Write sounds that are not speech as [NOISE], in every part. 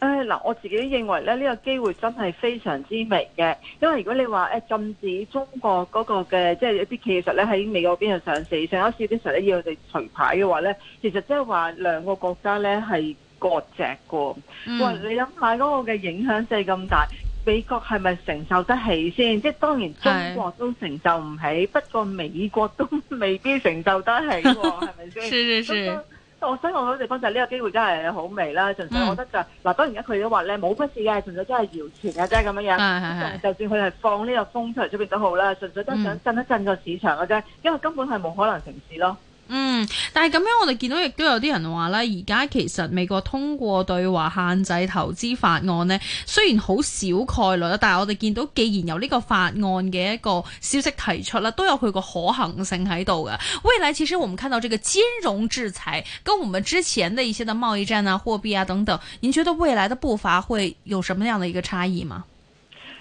誒，嗱，我自己認為咧，呢、這個機會真係非常之微嘅，因為如果你話誒禁止中國嗰個嘅即係一啲技術企業實咧喺美國邊度上市，上一次啲時候咧要我哋除牌嘅話咧，其實即係話兩個國家咧係割席嘅喎。喂、嗯，你諗下嗰個嘅影響性咁大，美國係咪承受得起先？即係當然中國都承受唔起，是不過美國都未必承受得起喎、哦，係咪 [LAUGHS] 先？是是是。我失望嘅地方就係呢個機會真係好微啦，純粹我覺得就嗱、是嗯啊，當然一佢都話咧冇乜事嘅，純粹真係謠傳嘅啫咁樣樣，嗯、就算佢係放呢個風出嚟出邊都好啦，純粹都想震一震個市場嘅、啊、啫，嗯、因為根本係冇可能成事咯。嗯，但係咁樣我哋見到亦都有啲人話咧，而家其實美國通過對華限制投資法案呢，雖然好少概率，但係我哋見到既然有呢個法案嘅一個消息提出啦，都有佢個可行性喺度嘅。未來其實我們看到這個金融制裁，跟我們之前的一些的貿易戰啊、貨幣啊等等，你覺得未來的步伐會有什麼樣的一個差異嗎？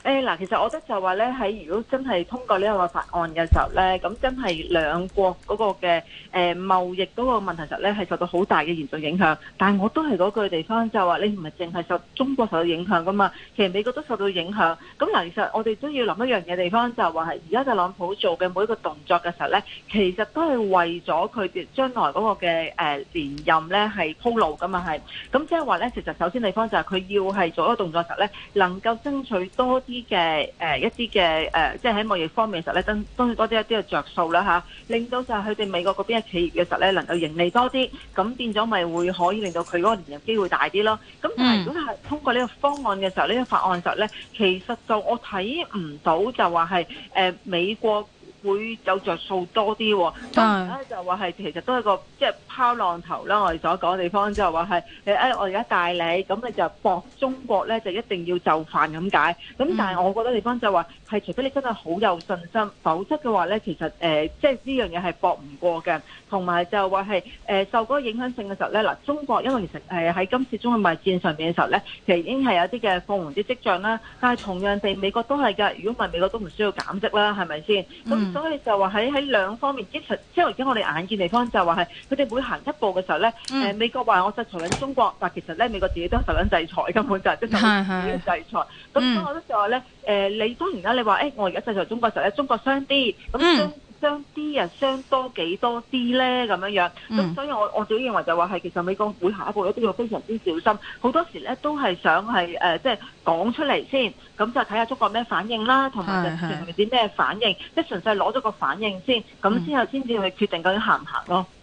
誒嗱，其實我覺得就話咧，喺如果真係通過呢一個法案嘅時候咧，咁真係兩國嗰個嘅誒貿易嗰個問題時候咧，係受到好大嘅嚴重影響。但係我都係嗰句地方，就話你唔係淨係受中國受到影響噶嘛，其實美國都受到影響。咁嗱，其實我哋都要諗一樣嘢地方，就係話係而家特朗普做嘅每一個動作嘅時候咧，其實都係為咗佢哋將來嗰個嘅誒連任咧係鋪路噶嘛係。咁即係話咧，其實首先地方就係佢要係做一個動作嘅時候咧，能夠爭取多啲。啲嘅誒一啲嘅誒，即係喺貿易方面嘅時候咧，增當然多啲一啲嘅着數啦嚇，令到就係佢哋美國嗰邊嘅企業嘅時候咧，能夠盈利多啲，咁變咗咪會可以令到佢嗰個年入機會大啲咯。咁但係如果係通過呢個方案嘅時候，呢個法案時候咧，其實就我睇唔到就話係誒美國。會有着數多啲，哦，咁對就話係其實都係個即係、就是、拋浪頭啦。我哋所講嘅地方就話係誒，我而家帶你，咁你就博中國咧就一定要就範咁解。咁但係我覺得地方就話係除非你真係好有信心，否則嘅話咧其實誒即係呢樣嘢係博唔過嘅。同埋就話係、呃、受嗰個影響性嘅時候咧，嗱中國因為其實誒喺今次中美戰上面嘅時候咧，其實已經係有啲嘅放緩啲跡象啦。但係同樣地，美國都係㗎。如果唔係美國都唔需要減息啦，係咪先？咁所以就話喺喺兩方面支持，即係而家我哋眼見地方就話係佢哋每行一步嘅時候咧、嗯呃，美國話我制裁緊中國，但其實咧美國自己都受緊制裁，根本就係即受緊制裁。咁所以我都就話咧，你當然啦，你話誒、欸、我而家制裁中國嘅時候咧，中國傷啲，咁、嗯。嗯相啲啊，相多幾多啲咧咁樣樣，咁、嗯、所以我我自己認為就話係其實美國會下一步咧都要非常之小心，好多時咧都係想係、呃、即係講出嚟先，咁就睇下中國咩反應啦，同埋是就同啲咩反應，是是即係純粹攞咗個反應先，咁之後先至去決定究竟行唔行咯。嗯嗯。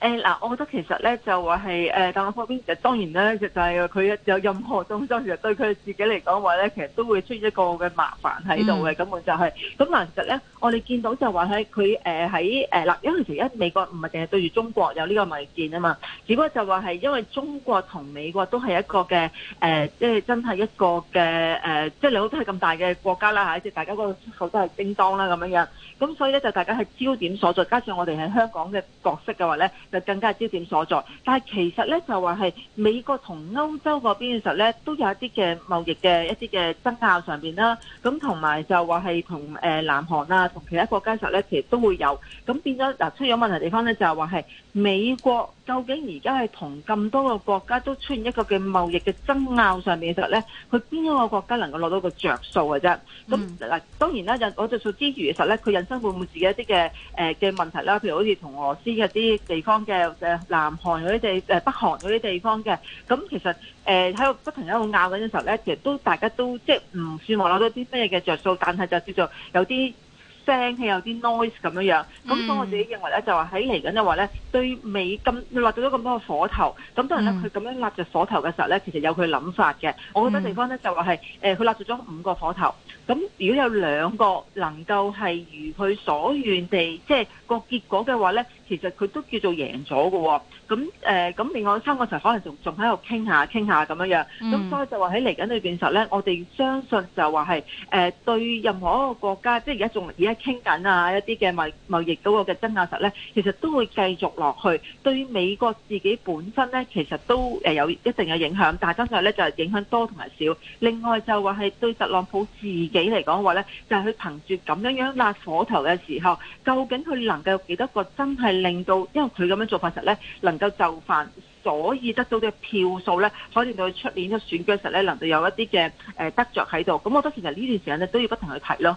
誒嗱，我覺得其實咧就話係誒大陸方面，其實當然咧就就係佢有任何動作，其實對佢自己嚟講話咧，其實都會出現一個嘅麻煩喺度嘅，根本就係咁嗱。其實咧，我哋見到就話喺佢誒喺誒嗱，因為其實而家美國唔係淨係對住中國有呢個迷見啊嘛，只不過就話係因為中國同美國都係一個嘅誒，即係真係一個嘅誒，即係兩都係咁大嘅國家啦嚇，即係大家個出口都係叮當啦咁樣樣。咁所以咧就大家係焦點所在，加上我哋喺香港嘅角色嘅話咧。就更加焦點所在，但係其實咧就話係美國同歐洲嗰邊嘅時候咧，都有一啲嘅貿易嘅一啲嘅爭拗上面啦，咁同埋就話係同誒南韓啊，同其他國家嘅時候咧，其實都會有，咁變咗嗱出咗問題地方咧就係話係美國。究竟而家係同咁多個國家都出現一個嘅貿易嘅爭拗上面嘅時候咧，佢邊一個國家能夠攞到個着數嘅啫？咁嗱、嗯，當然啦，我就攞着數之餘嘅時候呢，咧，佢人生會唔會自己一啲嘅嘅問題啦，譬如好似同俄羅斯一啲地方嘅南韓嗰啲地北韓嗰啲地方嘅，咁其實誒喺度不停喺度拗緊嘅時候咧，其實都大家都即係唔算話攞到啲咩嘅着數，但係就叫做有啲。聲氣有啲 noise 咁樣樣，咁所以我自己認為咧就話喺嚟緊嘅話咧，對美金佢落咗咁多個火頭，咁當然咧佢咁樣立著火頭嘅時候咧，其實有佢諗法嘅。我覺得地方咧就話係誒，佢、呃、立咗咗五個火頭，咁如果有兩個能夠係如佢所願地，即係、嗯、個結果嘅話咧。其實佢都叫做贏咗嘅。哦，咁誒咁另外三個時可能仲仲喺度傾下傾下咁樣咁、嗯、所以就話喺嚟緊裏邊時候咧，我哋相信就話係誒對任何一個國家，即係而家仲而家傾緊啊一啲嘅貿易嗰個嘅爭拗實咧，其實都會繼續落去，對美國自己本身咧其實都有一定嘅影響，但係今日咧就係、是、影響多同埋少。另外就話係對特朗普自己嚟講話咧，就係、是、佢憑住咁樣樣焫火頭嘅時候，究竟佢能夠有幾多個真係？令到，因為佢咁樣做法實咧，能夠就範，所以得到嘅票數咧，可以令到佢出年嘅選舉實咧，能夠有一啲嘅誒得着喺度。咁我覺得其實呢段時間咧，都要不停去提咯。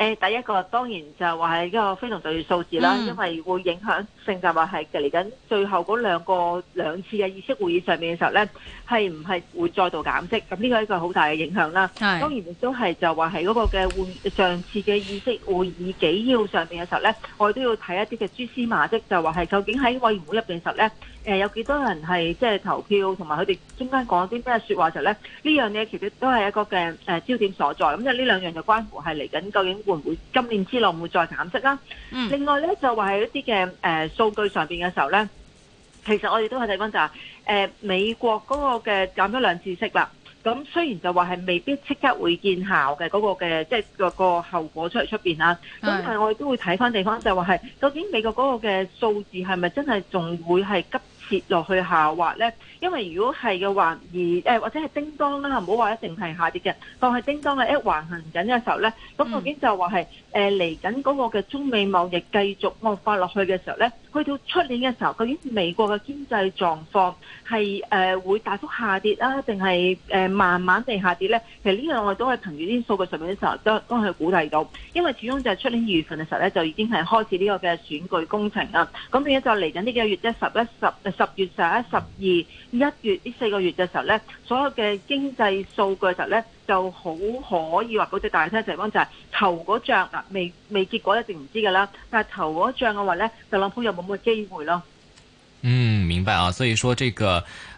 誒、呃，第一個當然就係話係一個非常重要數字啦，嗯、因為會影響性就話係嚟緊最後嗰兩個兩次嘅議息會議上面嘅時候咧，係唔係會再度減息？咁呢個係一個好大嘅影響啦。是 當然亦都係就話係嗰個嘅會議上次嘅議息會議紀要上面嘅時候咧，我哋都要睇一啲嘅蛛絲馬跡，就話係究竟喺委員會入邊嘅時候咧。呃、有幾多人係即係投票，同埋佢哋中間講啲咩説話嘅時候咧，呢樣嘢其實都係一個嘅、呃、焦點所在。咁即係呢兩樣就關乎係嚟緊究竟會唔會今年之內會，會再減息啦。嗯、另外咧就話係一啲嘅、呃、數據上面嘅時候咧，其實我哋都係睇翻就係、係呃、美國嗰個嘅減咗兩次息啦。咁雖然就話係未必即刻會見效嘅嗰個嘅，即係個個後果出嚟出面啦。咁的但係我哋都會睇翻地方就，就話係究竟美國嗰個嘅數字係咪真係仲會係急，跌落去下滑咧，因為如果係嘅話，而、呃、誒或者係叮當啦，唔好話一定係下跌嘅。當係叮當嘅一橫行緊嘅時候咧，咁究竟就話係誒嚟緊嗰個嘅中美貿易繼續惡化落去嘅時候咧，去到出年嘅時候，究竟美國嘅經濟狀況係誒、呃、會大幅下跌啊，定係誒慢慢地下跌咧？其實呢樣我都係憑住啲數據上面嘅時候都都係估計到，因為始終就係出年二月份嘅時候咧，就已經係開始呢個嘅選舉工程啦。咁而家就嚟緊呢幾個月即係十一十。十月十一十二一月呢四個月嘅時候呢，所有嘅經濟數據嘅時候咧，就好可以話保持大體成温就係投嗰仗啊，未未結果一定唔知㗎啦，但係投嗰仗嘅話呢，特朗普有冇咁嘅機會咯。嗯，明白啊，所以說這個。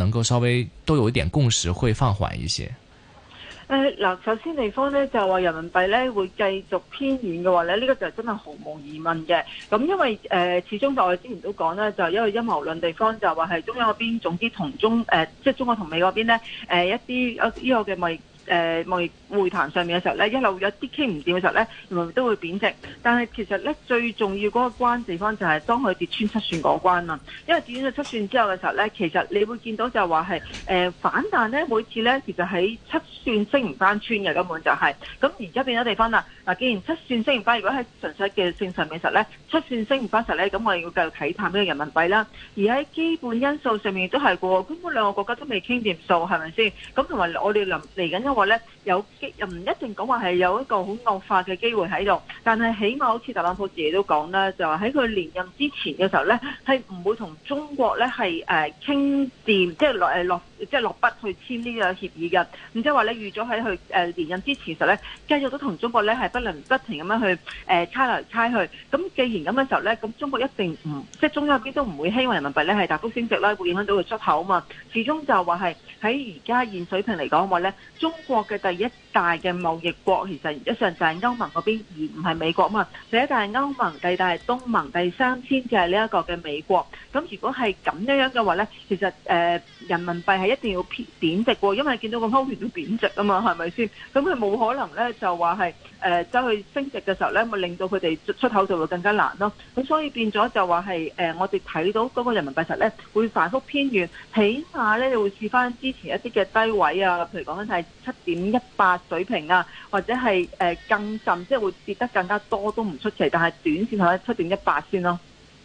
能夠稍微都有一點共識，會放緩一些。誒，嗱，首先地方呢，就話人民幣呢會繼續偏軟嘅話呢、呢個就真係毫無疑問嘅。咁、嗯、因為誒、呃，始終就我之前都講啦，就係、是、因為陰謀論地方就話係中央嗰邊，總之同中誒、呃，即係中國同美嗰邊呢，誒、呃、一啲呢、呢個嘅、就是誒貿易會談上面嘅時候咧，一路有啲傾唔掂嘅時候咧，明明都會貶值。但係其實咧，最重要嗰一關地方就係當佢跌穿七算嗰關啦。因為跌穿咗七算之後嘅時候咧，其實你會見到就係話係誒反彈咧。每次咧，其實喺七算升唔翻穿嘅根本就係、是。咁而家變咗地方啦。嗱，既然七算升唔翻，如果喺純粹嘅正常面實咧，七算升唔翻實咧，咁我哋要繼續睇淡呢個人民幣啦。而喺基本因素上面都係過，根本兩個國家都未傾掂數，係咪先？咁同埋我哋臨嚟緊一。咧有機又唔一定講話係有一個好惡化嘅機會喺度，但係起碼好似特朗普自己都講啦，就話喺佢連任之前嘅時候咧，係唔會同中國咧係誒傾掂，即、啊、係、就是、落誒落即係、就是、落筆去簽呢個協議嘅，然之後話咧預咗喺佢誒連任之前時候咧，繼續都同中國咧係不能不停咁樣去誒、啊、猜嚟猜去。咁既然咁嘅時候咧，咁中國一定唔即係中央邊都唔會希望人民幣咧係大幅升值啦，會影響到佢出口啊嘛。始終就話係喺而家現水平嚟講話咧，中。國嘅第一大嘅貿易國其實一上就係歐盟嗰邊，而唔係美國嘛。第一大係歐盟，第二大係東盟，第三先至係呢一個嘅美國。咁如果係咁樣樣嘅話咧，其實誒、呃、人民幣係一定要偏貶值嘅，因為見到個歐元都貶值啊嘛，係咪先？咁佢冇可能咧就話係誒走去升值嘅時候咧，咪令到佢哋出口就會更加難咯。咁所以變咗就話係誒，我哋睇到嗰個人民幣實咧會反覆偏軟，起碼咧你會試翻之前一啲嘅低位啊，譬如講緊係。七點一八水平啊，或者係誒、呃、更甚，即、就、係、是、會跌得更加多都唔出奇，但係短線睇七點一八先咯。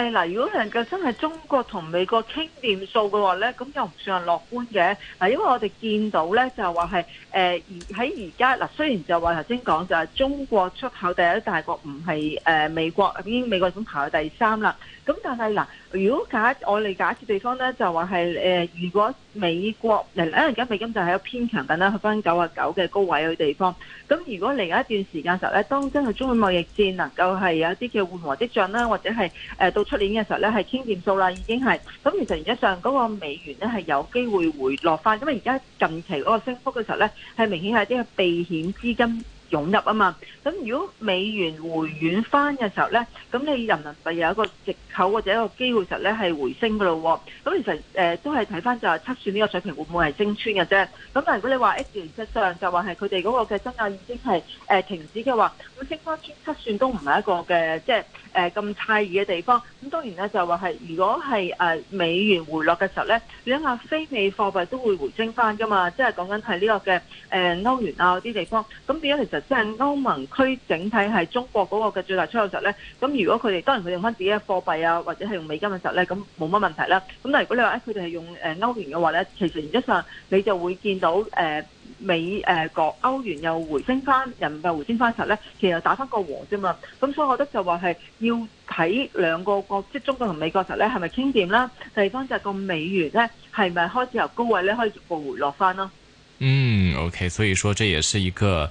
誒嗱，如果能夠真係中國同美國傾掂數嘅話咧，咁又唔算係樂觀嘅。嗱，因為我哋見到咧就係話係誒，喺而家嗱，雖然就話頭先講就係、是、中國出口第一大國唔係誒美國，已經美國咁排到第三啦。咁但係嗱，如果假我哋假設地方咧，就話係誒，如果美國嗱，誒而家美金就喺偏強緊啦，去翻九啊九嘅高位嘅地方。咁如果嚟緊一段時間嘅時候咧，當真係中美貿易戰能夠係有一啲叫緩和跡象啦，或者係誒到。呃出年嘅時候咧，係清點數啦，已經係咁。其實原則上嗰個美元咧係有機會回落翻，因為而家近期嗰個升幅嘅時候咧，係明顯係啲嘅避險資金湧入啊嘛。咁如果美元回軟翻嘅時候咧，咁你人民幣有一個藉口或者一個機會實咧係回升㗎咯喎。咁其實都係睇翻就係測算呢個水平會唔會係升穿嘅啫。咁但如果你話誒原則上就話係佢哋嗰個嘅增壓已經係停止嘅話，咁升穿測算都唔係一個嘅即、就係誒咁差異嘅地方，咁當然咧就話係，如果係誒、呃、美元回落嘅時候咧，你諗下非美貨幣都會回升翻噶嘛？即係講緊係呢個嘅誒、呃、歐元啊啲地方，咁變咗其實即係歐盟區整體係中國嗰個嘅最大出口實咧。咁如果佢哋當然佢用翻自己嘅貨幣啊，或者係用美金嘅時候咧，咁冇乜問題啦。咁但係如果你話佢哋係用誒歐元嘅話咧，其實原則上你就會見到誒。呃美誒、呃、國歐元又回升翻，人民幣回升翻實咧，其實又打翻個和啫嘛。咁所以我覺得就話係要睇兩個國，即、就、係、是、中國同美國實咧，係咪傾掂啦？第二方就係個美元咧，係咪開始由高位咧可以逐步回落翻咯？嗯，OK，所以說這也是一個。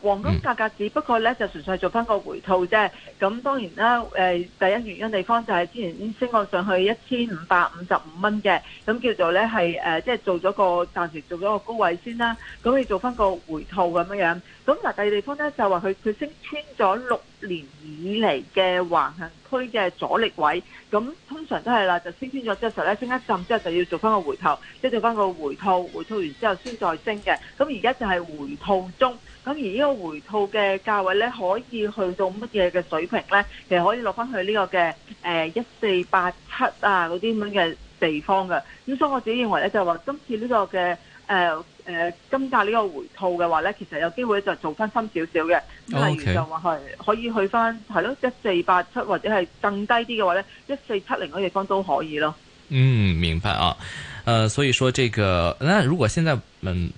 黃金價格只不過咧就純粹係做翻個回吐啫。咁當然啦，誒第一原因地方就係之前升過上去一千五百五十五蚊嘅，咁叫做咧係誒即係做咗個暫時做咗個高位先啦。咁要做翻個回吐咁樣樣咁嗱，第二地方咧就話佢佢升穿咗六年以嚟嘅橫行區嘅阻力位。咁通常都係啦，就升穿咗之後呢，實咧升一浸之後就要做翻個回吐，即係、就是、做翻個回吐。回吐完之後先再升嘅。咁而家就係回吐中。咁而呢個回吐嘅價位咧，可以去到乜嘢嘅水平咧？其實可以落翻去呢個嘅誒一四八七啊嗰啲咁嘅地方嘅。咁所以我自己認為咧，就係話今次呢個嘅誒誒金價呢個回吐嘅話咧，其實有機會就做翻深少少嘅。咁例、oh, okay. 如就話係可以去翻係咯一四八七或者係更低啲嘅話咧，一四七零嗰地方都可以咯。嗯，明白啊。誒、呃，所以說這個，那如果現在嗯。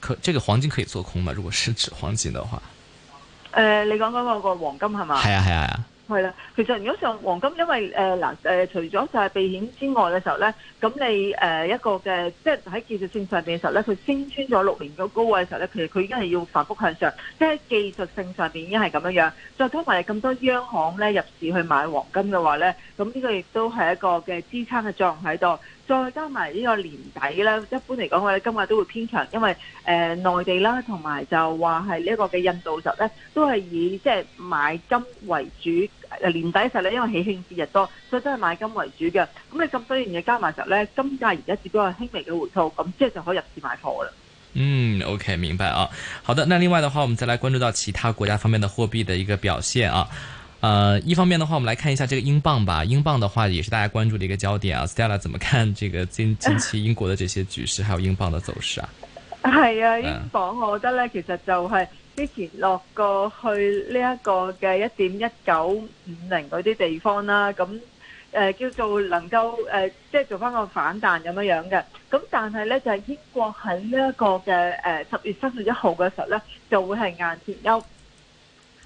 可，這個黃金可以做空嗎？如果是指黃金的話，誒、呃，你講講個個黃金係嘛？係啊係啊係。係啦，其實如果上黃金，因為誒嗱誒，除咗就係避險之外嘅時候咧，咁你誒、呃、一個嘅，即係喺技術性上邊嘅時候咧，佢升穿咗六年嘅高位嘅時候咧，其實佢已經係要反覆向上，即係技術性上邊已經係咁樣樣。再加埋咁多央行咧入市去買黃金嘅話咧，咁呢個亦都係一個嘅支撐嘅作用喺度。再加埋呢個年底呢，一般嚟講嘅咧，金價都會偏強，因為誒內、呃、地啦，同埋就話係呢一個嘅印度集呢都係以即係、就是、買金為主。年底時候呢，因為喜慶節日多，所以都係買金為主嘅。咁你咁多樣嘢加埋時呢，金價而家只不過係輕微嘅回吐，咁即係就可以入市買貨啦。嗯，OK，明白啊。好的，那另外嘅話，我們再來關注到其他國家方面嘅貨幣嘅一個表現啊。呃，一方面的話，我們來看一下這個英鎊吧。英鎊的話，也是大家關注的一個焦點啊。Stella 怎麼看這個近近期英國的這些局勢，還有英鎊的走勢啊？係啊，英鎊我覺得呢，其實就係之前落過去呢一個嘅一點一九五零嗰啲地方啦。咁誒、呃、叫做能夠誒、呃、即係做翻個反彈咁樣樣嘅。咁但係呢，就係、是、英國喺呢一個嘅誒十月三十一號嘅時候呢，就會係硬脫歐。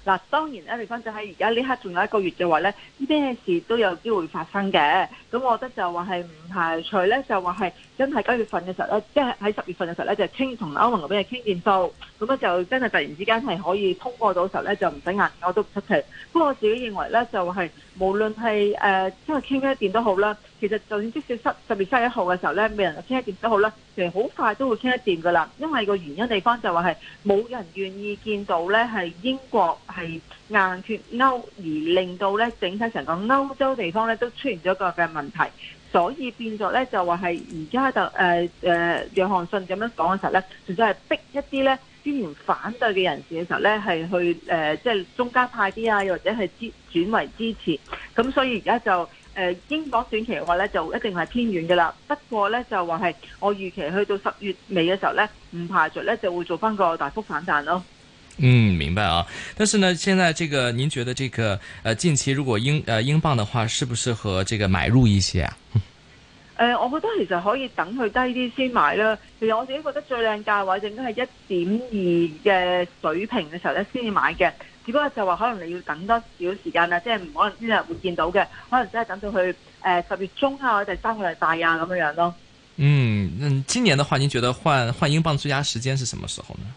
嗱，當然咧，例就喺而家呢刻仲有一個月嘅話咧，咩事都有機會發生嘅。咁我覺得就話係唔排除咧，就話係真係九月份嘅時候咧，即係喺十月份嘅時候咧，就傾同歐盟嗰邊嘅傾掂數。咁就真係突然之間係可以通過到時候咧，就唔使硬我都唔出奇。不過我自己認為咧，就係無論係誒即係傾一電都好啦。其實就算即使十月三十一號嘅時候咧，未人傾一電都好啦，其實好快都會傾一電噶啦。因為個原因地方就話係冇人願意見到咧，係英國係硬脱歐，而令到咧整體成個歐洲地方咧都出現咗個嘅問題，所以變咗咧就話係而家就誒誒約翰遜咁樣講嘅時候咧，純粹係逼一啲咧。支援反對嘅人士嘅時候呢，係去誒，即、呃、係、就是、中間派啲啊，又或者係支轉為支持。咁、嗯、所以而家就誒、呃，英鎊短期嘅話呢，就一定係偏軟嘅啦。不過呢，就話係我預期去到十月尾嘅時候呢，唔排除呢就會做翻個大幅反彈咯。嗯，明白啊。但是呢，現在這個，您覺得這個，呃，近期如果英呃英鎊的話，適不適合這個買入一些啊？嗯。誒、呃，我覺得其實可以等佢低啲先買啦。其實我自己覺得最靚價位應該係一點二嘅水平嘅時候咧，先至買嘅。只不過就話可能你要等多少時間啊，即係唔可能今日會見到嘅。可能真係等到去誒十月中啊，或者第三個禮拜啊咁樣樣咯。嗯，嗯，今年嘅話，您覺得換換英鎊最佳時間是什麼時候呢？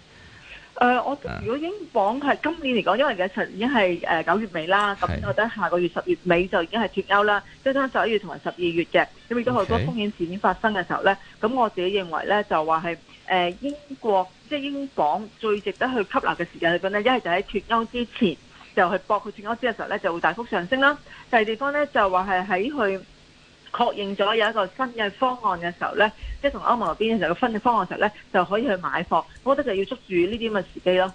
誒、呃，我如果英鎊係今年嚟講，因為其實已經係誒九月尾啦，咁是我覺得下個月十月尾就已經係脱歐啦，即係差十一月同埋十二月嘅。咁而當好多風險事件發生嘅時候咧，咁我自己認為咧，就話係、呃、英國即係、即係、英鎊最值得去吸納嘅時間嚟講咧，一係就喺脱歐之前，就係搏佢脱歐之前嘅時候咧，就會大幅上升啦。第二地方咧，就話係喺去。確認咗有一個新嘅方案嘅時候呢，即係同歐盟入邊嘅時候嘅新嘅方案時候呢，就可以去買貨。我覺得就要捉住呢啲咁嘅時機咯。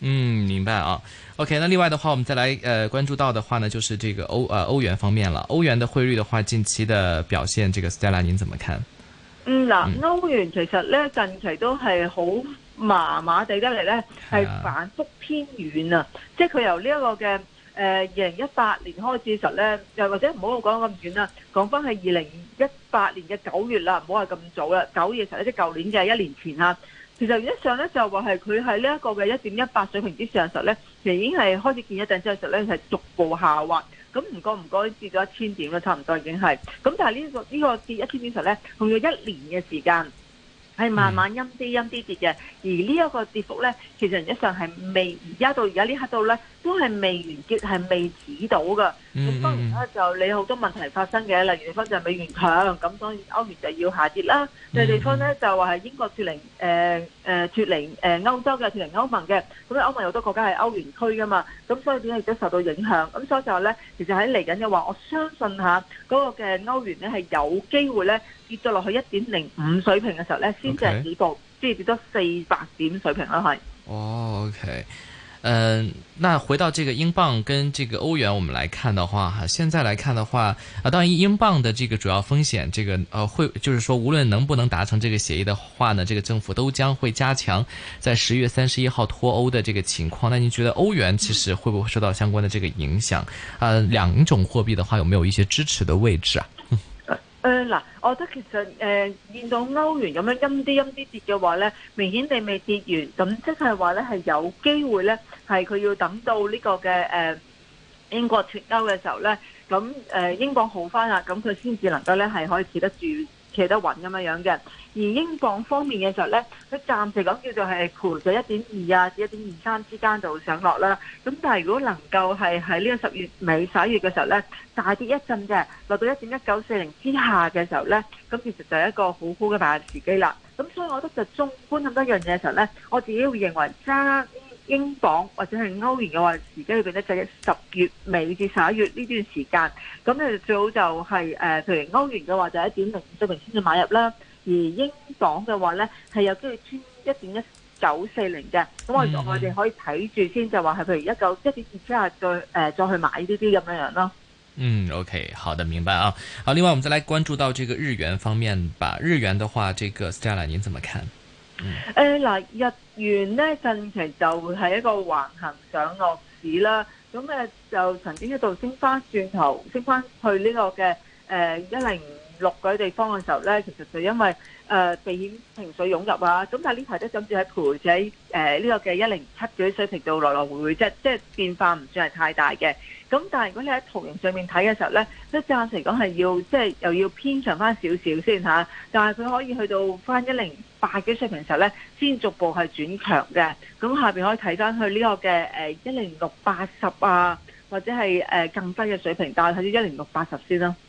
嗯，明白啊。OK，那另外的話，我們再來呃關注到的話呢，就是這個歐啊、呃、歐元方面了。歐元的匯率的話，近期的表現，這個 Stella 您怎麼看？嗯嗱，嗯歐元其實呢，近期都係好麻麻地得嚟呢，係反覆偏軟啊。啊即係佢由呢一個嘅。誒二零一八年開始嘅時候咧，又或者唔好講咁遠啦，講翻係二零一八年嘅九月啦，唔好話咁早啦，九月時候咧，即舊年嘅一年前啦。其實一上咧就話係佢喺呢一個嘅一點一八水平之上時咧，其實已經係開始見一定之係實咧，係逐步下滑。咁唔該唔該跌咗一千點啦，差唔多已經係。咁但係呢、呢個呢、呢個跌一千點時候咧，用咗一年嘅時間。係慢慢陰啲陰啲跌嘅，而呢一個跌幅咧，其實上係未而家到而家呢刻度咧，都係未完結，係未止到噶。咁當然咧，就你好多問題發生嘅，例如地方就美元強，咁當然歐元就要下跌啦。第二地方咧就話係英國脱離誒誒脱離誒歐洲嘅脱離歐盟嘅，咁歐盟好多國家係歐元區噶嘛，咁所以點解亦都受到影響。咁所以就咧，其實喺嚟緊嘅話，我相信吓嗰個嘅歐元咧係有機會咧。跌咗落去一點零五水平嘅時候咧，先至係底部，即係跌咗四百點水平啦，係。哦，OK，嗯、呃，那回到這個英鎊跟這個歐元，我們來看的話，哈，現在來看的話，啊，當然英鎊的這個主要風險，這個呃會，就是說，無論能不能達成這個協議的話呢，這個政府都將會加強在十月三十一號脱歐的這個情況。那您覺得歐元其實會不會受到相關的這個影響？嗯、啊，兩種貨幣的話，有沒有一些支持的位置啊？嗱，我覺得其實誒見到歐元咁樣陰啲陰啲跌嘅話咧，明顯地未跌完，咁即係話咧係有機會咧，係佢要等到呢個嘅誒英國脱歐嘅時候咧，咁誒英鎊好返啊，咁佢先至能夠咧係可以企得住。企得穩咁樣樣嘅，而英鎊方面嘅時候咧，佢暫時咁叫做係盤咗一點二啊至一點二三之間度上落啦。咁但係如果能夠係喺呢個十月尾十一月嘅時候咧，大跌一陣嘅，落到一點一九四零之下嘅時候咧，咁其實就係一個很好好嘅買入時機啦。咁所以我覺得就中觀咁多樣嘢嘅時候咧，我自己會認為揸英鎊或者係歐元嘅話，時間裏邊咧就係十月尾至十一月呢段時間，咁你最好就係、是、誒、呃，譬如歐元嘅話就一點零四零先至買入啦，而英鎊嘅話咧係有機會穿一點一九四零嘅，咁我哋可以睇住先，就話係譬如一九一點二七啊，再誒再去買呢啲咁樣樣咯。嗯，OK，好的，明白啊。好，另外我們再來關注到這個日元方面吧。日元嘅話，這個 Stella，您怎麼看？誒嗱，日元咧近期就係一個橫行上落市啦，咁誒就曾經一度升翻轉頭，升翻去呢個嘅誒一零。落佢地方嘅時候咧，其實就因為誒、呃、避險情緒湧入啊，咁但呢排都甚至喺盤仔喺呢個嘅一零七幾水平度來來回回，即係變化唔算係太大嘅。咁但係如果你喺圖形上面睇嘅時候咧，都暫時講係要即係又要偏強翻少少先、啊、但係佢可以去到翻一零八幾水平時候咧，先逐步係轉強嘅。咁下面可以睇翻去呢個嘅誒一零六八十啊，或者係更低嘅水平，但係睇到一零六八十先啦、啊。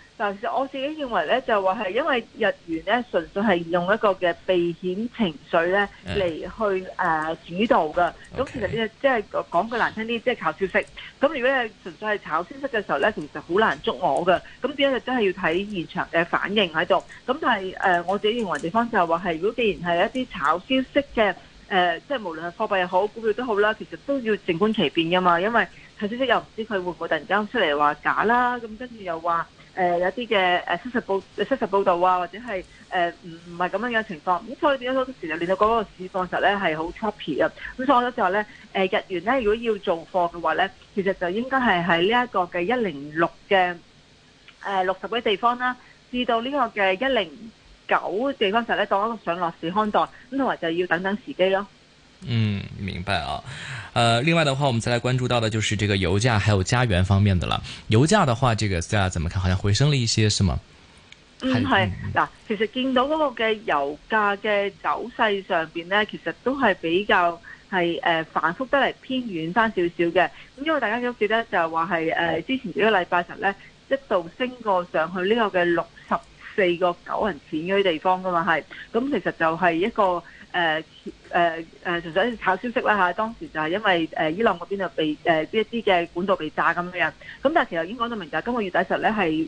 其實我自己認為咧，就話係因為日元咧，純粹係用一個嘅避險情緒咧嚟去誒、呃、主導噶。咁 Okay. 其實呢，即係講句難聽啲，即係靠消息。咁如果你純粹係炒消息嘅時候咧，其實就好難捉我噶。咁點解？就真係要睇現場嘅反應喺度。咁但係誒、呃，我自己認為的地方就係話係，如果既然係一啲炒消息嘅誒、呃，即係無論係貨幣又好，股票都好啦，其實都要靜觀其變噶嘛。因為睇消息又唔知佢會唔會突然間出嚟話假啦，咁跟住又話。誒、呃、有啲嘅誒失實報失實報導啊，或者係誒唔唔係咁樣嘅情況。咁所以變咗同時，連到嗰個市況實咧係好 tricky 啊。咁所以我覺得之後咧，誒、呃、日元咧如果要做貨嘅話咧，其實就應該係喺呢一個嘅一零六嘅誒六十嘅地方啦。至到呢個嘅一零九地方就咧，當一個上落市看待，咁同埋就要等等時機咯。嗯，明白啊。呃，另外的話，我們再來關注到的，就是這個油價還有加元方面的了。油價的話，這個 Sir 怎麼看？好像回升了一些，是嗎？嗯係嗱，是嗯、其實見到嗰個嘅油價嘅走勢上邊咧，其實都係比較係誒反覆得嚟偏軟翻少少嘅。咁因為大家記得就係話係誒之前幾個禮拜實呢一度升過上去呢個嘅六十四個九人錢嗰啲地方噶嘛係。咁、嗯、其實就係一個。誒誒誒，純粹炒消息啦嚇、啊，當時就係因為誒伊朗嗰邊啊被呢一啲嘅管道被炸咁樣樣，咁但係其實已經講到明就今個月底實咧係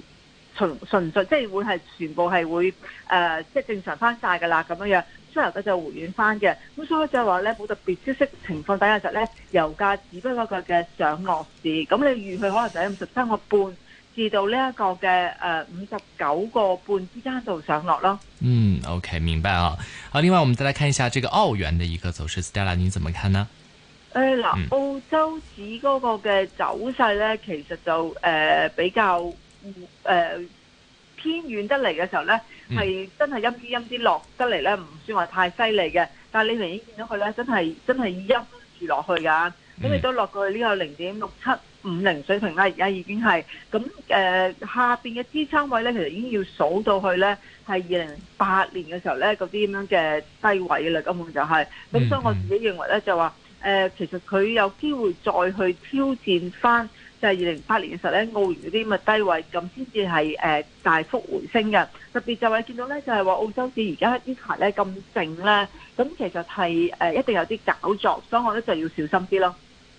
純純粹、就係呃，即係會係全部係會誒即係正常翻晒㗎啦咁樣樣，石油嘅就回軟翻嘅，咁所以就係話咧冇特別消息情況底下實咧，油價只不過佢嘅上落市，咁你預佢可能就喺五十三個半。至到呢一個嘅誒五十九個半之間度上落咯，嗯，OK，明白啊。好，另外我們再來看一下這個澳元的一個走勢，Stella，你怎麼看呢？誒、呃，嗱、呃，嗯、澳洲紙嗰個嘅走勢咧，其實就誒、呃、比較誒、呃、偏軟得嚟嘅時候咧，係、嗯、真係陰啲、陰啲落得嚟咧，唔算話太犀利嘅。但係你明顯見到佢咧，真係真係陰住落去噶，咁亦都落過去呢個零點六七。嗯五零水平啦，而家已經係咁，誒下面嘅支撐位咧，其實已經要數到去咧係二零零八年嘅時候咧嗰啲咁樣嘅低位啦，根本就係、是、咁，嗯嗯所以我自己認為咧就話誒、呃，其實佢有機會再去挑戰翻，就係二零零八年嘅時候咧澳元嗰啲咁嘅低位，咁先至係誒大幅回升嘅。特別就係見到咧就係、是、話澳洲市而家呢排咧咁靜咧，咁其實係、呃、一定有啲搞作，所以我咧就要小心啲咯。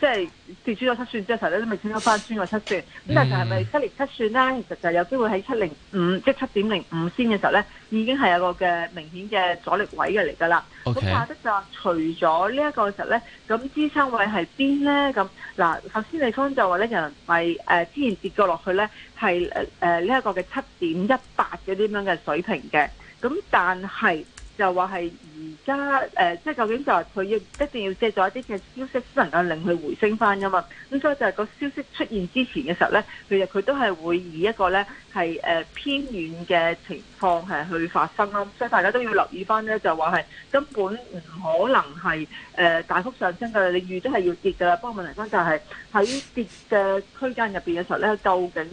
即係跌穿咗七算之後，咧都未清咗翻穿過七算，咁、嗯、但係係咪七零七算咧？其實就係有機會喺七零五即七點零五先嘅時候咧，已經係有個嘅明顯嘅阻力位嘅嚟㗎啦。咁但係就除咗呢一個時候咧，咁支撐位係邊咧？咁嗱，頭、啊、先你生就話咧，人咪誒之前跌過落去咧，係誒誒呢一個嘅七點一八嘅啲咁樣嘅水平嘅，咁但係。就話係而家誒，即係究竟就係佢要一定要借助一啲嘅消息，先能夠令佢回升翻噶嘛？咁所以就係個消息出現之前嘅時候咧，其實佢都係會以一個咧係誒偏遠嘅情況係去發生咯。所以大家都要留意翻咧，就話係根本唔可能係誒大幅上升噶啦，你預都係要跌噶啦。不過問題翻就係喺跌嘅區間入邊嘅時候咧，究竟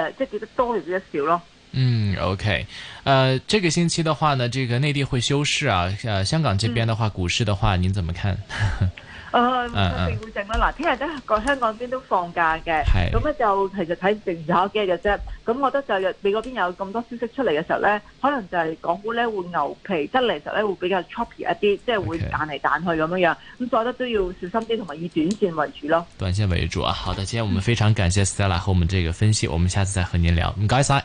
誒，即係跌得多定跌得少咯？嗯，OK，誒、呃，這個星期的話呢，這個內地會休市啊、呃，香港這邊的話，嗯、股市的話，您怎麼看？誒、呃，肯定會靜啦。嗱、呃，聽日咧香港邊都放假嘅，咁呢嘿就其實就睇定日嘅日啫。咁我覺得就美國嗰邊有咁多消息出嚟嘅時候呢，可能就係港股呢會牛皮得嚟，實咧會比較 choppy 一啲，即係 okay, 會彈嚟彈去咁樣樣。咁所以覺得都要小心啲，同埋以短線為主咯。短線為主啊，好的，今天我們非常感謝 Stella 和我們這個分析，嗯、我們下次再和您聊，唔該晒。